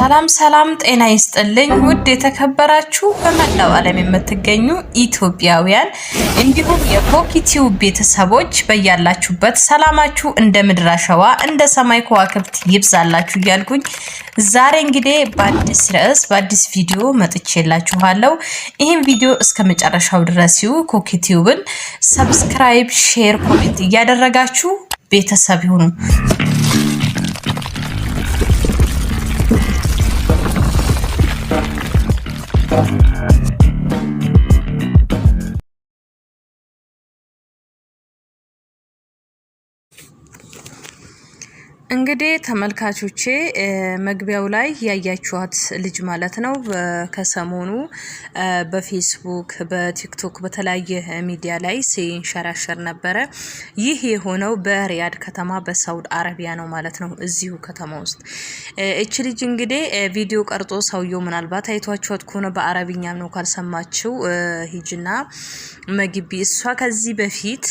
ሰላም ሰላም፣ ጤና ይስጥልኝ ውድ የተከበራችሁ በመላው ዓለም የምትገኙ ኢትዮጵያውያን እንዲሁም የኮኪቲው ቤተሰቦች በያላችሁበት ሰላማችሁ እንደ ምድር አሸዋ እንደ ሰማይ ከዋክብት ይብዛላችሁ እያልኩኝ ዛሬ እንግዲህ በአዲስ ርዕስ በአዲስ ቪዲዮ መጥቼላችኋለሁ። ይህም ቪዲዮ እስከ መጨረሻው ድረስ ይዩ። ኮኪቲውብን ሰብስክራይብ፣ ሼር፣ ኮሜንት እያደረጋችሁ ቤተሰብ ይሁኑ። Thank you. እንግዲህ ተመልካቾቼ መግቢያው ላይ ያያችኋት ልጅ ማለት ነው። ከሰሞኑ በፌስቡክ፣ በቲክቶክ በተለያየ ሚዲያ ላይ ሲንሸራሸር ነበረ። ይህ የሆነው በሪያድ ከተማ በሳውድ አረቢያ ነው ማለት ነው። እዚሁ ከተማ ውስጥ እች ልጅ እንግዲህ ቪዲዮ ቀርጾ ሰውየው ምናልባት አይቷችኋት ከሆነ በአረብኛም ነው ካልሰማችው ሂጅና መግቢ። እሷ ከዚህ በፊት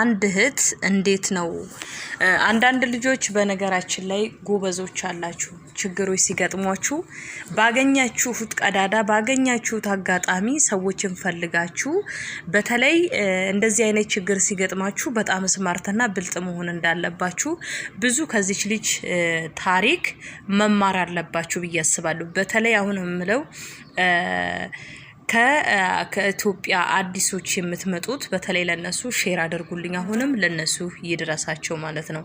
አንድ እህት እንዴት ነው አንዳንድ ልጆች ሴቶች በነገራችን ላይ ጎበዞች አላችሁ። ችግሮች ሲገጥሟችሁ ባገኛችሁት ቀዳዳ ባገኛችሁት አጋጣሚ ሰዎችን ፈልጋችሁ፣ በተለይ እንደዚህ አይነት ችግር ሲገጥማችሁ በጣም ስማርትና ብልጥ መሆን እንዳለባችሁ ብዙ ከዚች ልጅ ታሪክ መማር አለባችሁ ብዬ አስባለሁ። በተለይ አሁን የምለው ከኢትዮጵያ አዲሶች የምትመጡት በተለይ ለነሱ ሼር አድርጉልኝ። አሁንም ለነሱ ይድረሳቸው ማለት ነው።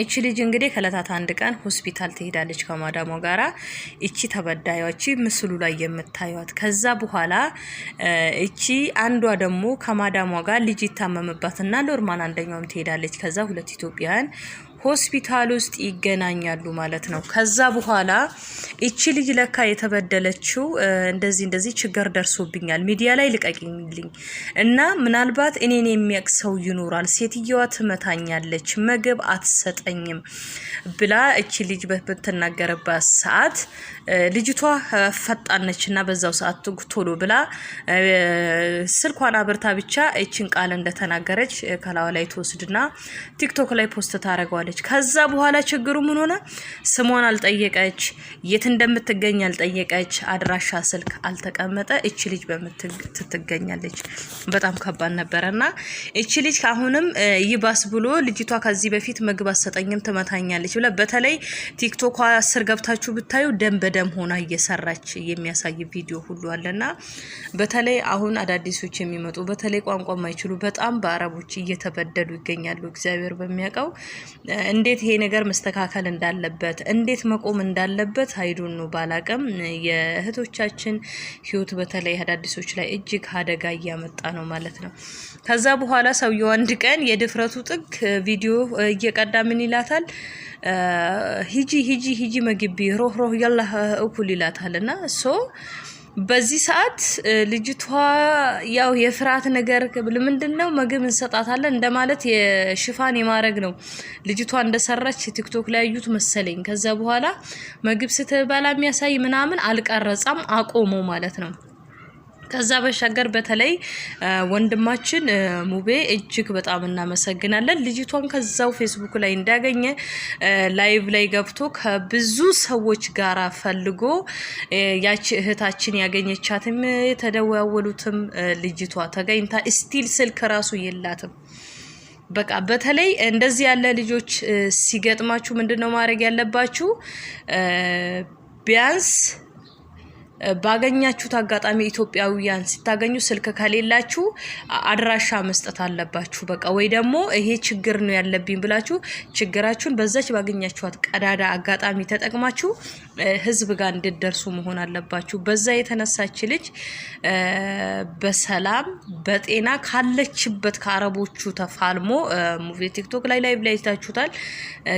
እቺ ልጅ እንግዲህ ከለታት አንድ ቀን ሆስፒታል ትሄዳለች ከማዳሞ ጋራ። እቺ ተበዳዮች ምስሉ ላይ የምታዩት። ከዛ በኋላ እቺ አንዷ ደግሞ ከማዳሟ ጋር ልጅ ይታመምባትና ሎርማን አንደኛውም ትሄዳለች። ከዛ ሁለት ኢትዮጵያውያን ሆስፒታል ውስጥ ይገናኛሉ ማለት ነው። ከዛ በኋላ እቺ ልጅ ለካ የተበደለችው እንደዚህ እንደዚህ ችግር ደርሶብኛል፣ ሚዲያ ላይ ልቀቂልኝ እና ምናልባት እኔን የሚያቅ ሰው ይኖራል፣ ሴትየዋ ትመታኛለች፣ ምግብ አትሰጠኝም ብላ እቺ ልጅ በምትናገርባት ሰዓት ልጅቷ ፈጣነች እና በዛው ሰዓት ቶሎ ብላ ስልኳን አብርታ ብቻ እችን ቃል እንደተናገረች ከላዋ ላይ ትወስድና ቲክቶክ ላይ ፖስት ታደረገዋል አለች። ከዛ በኋላ ችግሩ ምን ሆነ? ስሟን አልጠየቀች፣ የት እንደምትገኝ አልጠየቀች፣ አድራሻ ስልክ አልተቀመጠ። እች ልጅ በምትትገኛለች በጣም ከባድ ነበረ እና እች ልጅ አሁንም ይባስ ብሎ ልጅቷ ከዚህ በፊት ምግብ አሰጠኝም ትመታኛለች ብለ በተለይ ቲክቶክ ስር ገብታችሁ ብታዩ ደም በደም ሆና እየሰራች የሚያሳይ ቪዲዮ ሁሉ አለና በተለይ አሁን አዳዲሶች የሚመጡ በተለይ ቋንቋ ማይችሉ በጣም በአረቦች እየተበደሉ ይገኛሉ። እግዚአብሔር በሚያውቀው እንዴት ይሄ ነገር መስተካከል እንዳለበት እንዴት መቆም እንዳለበት አይዱኑ ባላቅም የእህቶቻችን ህይወት በተለይ አዳዲሶች ላይ እጅግ አደጋ እያመጣ ነው ማለት ነው። ከዛ በኋላ ሰውየው አንድ ቀን የድፍረቱ ጥግ ቪዲዮ እየቀዳ ምን ይላታል? ሂጂ ሂጂ ሂጂ መግቢ ሮህ ሮህ ያላ እኩል ይላታል እና ሶ በዚህ ሰዓት ልጅቷ ያው የፍርሃት ነገር ለምንድን ነው ምግብ እንሰጣታለን እንደማለት የሽፋን የማድረግ ነው። ልጅቷ እንደሰራች ቲክቶክ ላይ ያዩት መሰለኝ። ከዛ በኋላ ምግብ ስትበላ የሚያሳይ ምናምን አልቀረጻም፣ አቆመው ማለት ነው። ከዛ በሻገር በተለይ ወንድማችን ሙቤ እጅግ በጣም እናመሰግናለን። ልጅቷን ከዛው ፌስቡክ ላይ እንዳገኘ ላይቭ ላይ ገብቶ ከብዙ ሰዎች ጋር ፈልጎ ያቺ እህታችን ያገኘቻትም የተደዋወሉትም ልጅቷ ተገኝታ ስቲል ስልክ ራሱ የላትም። በቃ በተለይ እንደዚህ ያለ ልጆች ሲገጥማችሁ ምንድን ነው ማድረግ ያለባችሁ ቢያንስ ባገኛችሁት አጋጣሚ ኢትዮጵያውያን ስታገኙ ስልክ ከሌላችሁ አድራሻ መስጠት አለባችሁ። በቃ ወይ ደግሞ ይሄ ችግር ነው ያለብኝ ብላችሁ ችግራችሁን በዛች ባገኛችኋት ቀዳዳ አጋጣሚ ተጠቅማችሁ ህዝብ ጋር እንድደርሱ መሆን አለባችሁ። በዛ የተነሳች ልጅ በሰላም በጤና ካለችበት ከአረቦቹ ተፋልሞ ሙቪ ቲክቶክ ላይ ላይቭ ላይ ታችሁታል።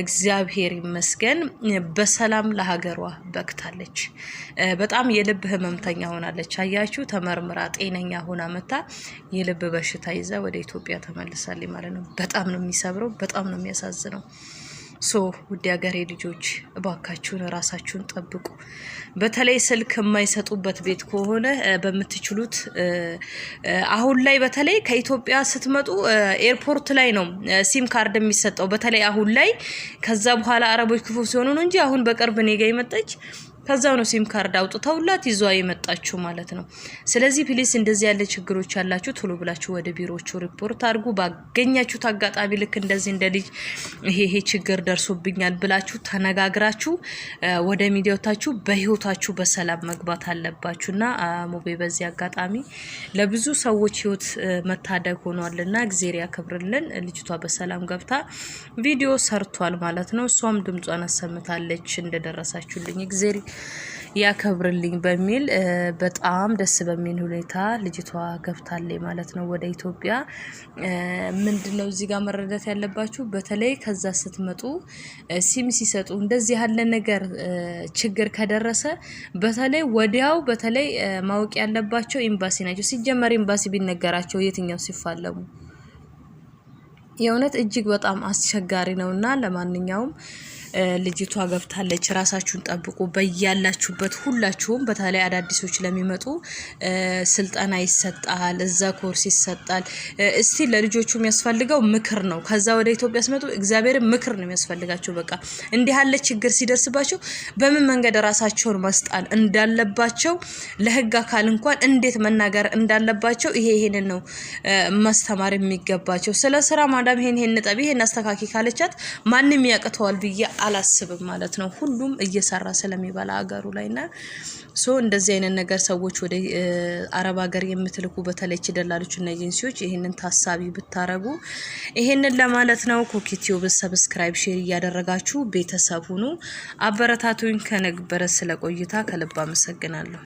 እግዚአብሔር ይመስገን በሰላም ለሀገሯ በቅታለች። በጣም የልብ ህመምተኛ ሆናለች። አያችሁ፣ ተመርምራ ጤነኛ ሆና መታ የልብ በሽታ ይዛ ወደ ኢትዮጵያ ተመልሳለች ማለት ነው። በጣም ነው የሚሰብረው፣ በጣም ነው የሚያሳዝነው። ሶ ውድ ሀገሬ ልጆች እባካችሁን ራሳችሁን ጠብቁ። በተለይ ስልክ የማይሰጡበት ቤት ከሆነ በምትችሉት አሁን ላይ በተለይ ከኢትዮጵያ ስትመጡ ኤርፖርት ላይ ነው ሲም ካርድ የሚሰጠው በተለይ አሁን ላይ። ከዛ በኋላ አረቦች ክፉ ሲሆኑ ነው እንጂ አሁን በቅርብ እኔ ጋ የመጣች ከዛው ነው ሲም ካርድ አውጥተውላት ይዟ የመጣችሁ ማለት ነው። ስለዚህ ፕሊስ እንደዚህ ያለ ችግሮች ያላችሁ ቶሎ ብላችሁ ወደ ቢሮዎቹ ሪፖርት አድርጉ። ባገኛችሁት አጋጣሚ ልክ እንደዚህ እንደ ልጅ ይሄ ይሄ ችግር ደርሶብኛል ብላችሁ ተነጋግራችሁ ወደ ሚዲያዎታችሁ በህይወታችሁ በሰላም መግባት አለባችሁና ሙቤ በዚህ አጋጣሚ ለብዙ ሰዎች ህይወት መታደግ ሆኗልና እግዜር ያክብርልን። ልጅቷ በሰላም ገብታ ቪዲዮ ሰርቷል ማለት ነው። እሷም ድምጿን አሰምታለች። እንደደረሳችሁልኝ እግዜር ያከብርልኝ በሚል በጣም ደስ በሚል ሁኔታ ልጅቷ ገብታለች ማለት ነው ወደ ኢትዮጵያ። ምንድን ነው እዚህ ጋር መረዳት ያለባችሁ፣ በተለይ ከዛ ስትመጡ ሲም ሲሰጡ እንደዚህ ያለ ነገር ችግር ከደረሰ በተለይ ወዲያው በተለይ ማወቅ ያለባቸው ኤምባሲ ናቸው። ሲጀመር ኤምባሲ ቢነገራቸው የትኛው ሲፋለሙ የእውነት እጅግ በጣም አስቸጋሪ ነው እና ለማንኛውም ልጅቷ ገብታለች። ራሳችሁን ጠብቁ በያላችሁበት ሁላችሁም። በተለይ አዳዲሶች ለሚመጡ ስልጠና ይሰጣል፣ እዛ ኮርስ ይሰጣል። እስቲ ለልጆቹ የሚያስፈልገው ምክር ነው። ከዛ ወደ ኢትዮጵያ ሲመጡ እግዚአብሔር ምክር ነው የሚያስፈልጋቸው። በቃ እንዲህ ያለ ችግር ሲደርስባቸው በምን መንገድ ራሳቸውን መስጣል እንዳለባቸው ለህግ አካል እንኳን እንዴት መናገር እንዳለባቸው ይሄ ይሄንን ነው ማስተማር የሚገባቸው። ስለ ስራ ማዳም ይሄን ይሄን ነጥብ ይሄን አስተካኪ ካለቻት ማንም ያቅተዋል ብዬ አላስብም ማለት ነው። ሁሉም እየሰራ ስለሚበላ አገሩ ላይ ና ሶ እንደዚህ አይነት ነገር ሰዎች ወደ አረብ ሀገር የምትልኩ በተለይ ችደላሎች እና ኤጀንሲዎች ይህንን ታሳቢ ብታረጉ ይሄንን ለማለት ነው። ኮኬቲዮብ ሰብስክራይብ፣ ሼር እያደረጋችሁ ቤተሰብ ሁኑ። አበረታቱኝ ከነግበረ ስለ ቆይታ ከልብ አመሰግናለሁ።